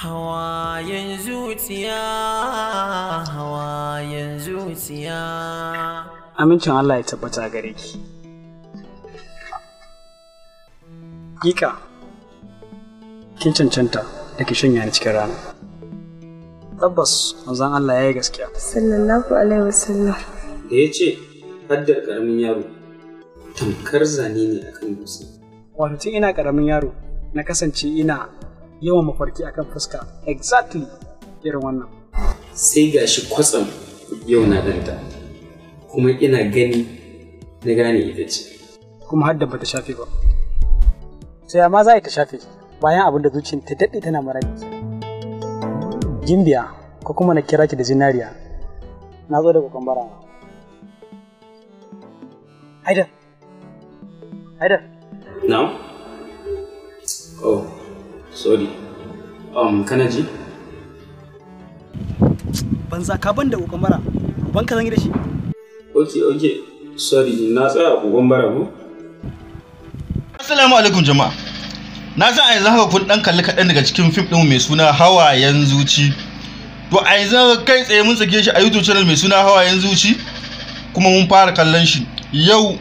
hawayen zuciya hawayen zuciya amincin Allah ya tabbata gare ki Gika kin cancanta da ki shanya ni cikin rana tabbas manzon Allah ya yi gaskiya sallallahu alaihi wasallam da ya ce haddar karamin yaro tamkar zane ne akan dutse wato tun ina karamin yaro na kasance ina yawan mafarki akan fuska exactly irin wannan sai gashi kwatsam yau na danta kuma ina gani na gane ita ce kuma hadda bata shafe ba sai amma za ta shafe bayan abin da zuciyar ta daɗe tana maraki gimbiya ko kuma na kira ki da zinariya na zo da kokon bara haidar haidar na'am oh sorry um kana ji banza ka ban da kokamara ban ka zan yi da shi okay okay sorry na tsaya kokamara ko assalamu alaikum jama'a na san a yanzu haka kun dan kalli kaɗan daga cikin fim ɗin mai suna hawayen zuci to a yanzu kai tsaye mun sake shi a youtube channel mai suna hawayen zuci kuma mun fara kallon shi yau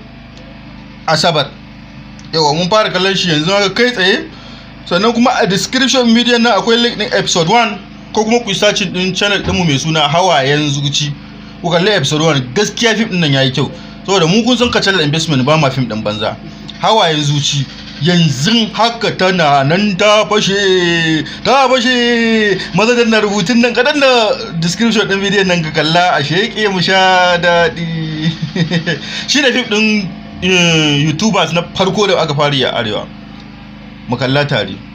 asabar yawa mun fara kallon shi yanzu haka kai tsaye sannan kuma a description media na akwai link din episode 1 ko kuma ku search din channel ɗinmu mai suna hawayen zuci ku kalli episode 1 gaskiya fim din nan yayi kyau saboda mu kun san kacal investment ba ma fim din banza hawayen zuci yanzu haka tana nan ta fashe ta fashe maza da rubutun nan ka danna description din video nan ka kalla a sheke mu sha daɗi shi da fim din eh, youtubers na farko da aka fari a arewa mu kalla tare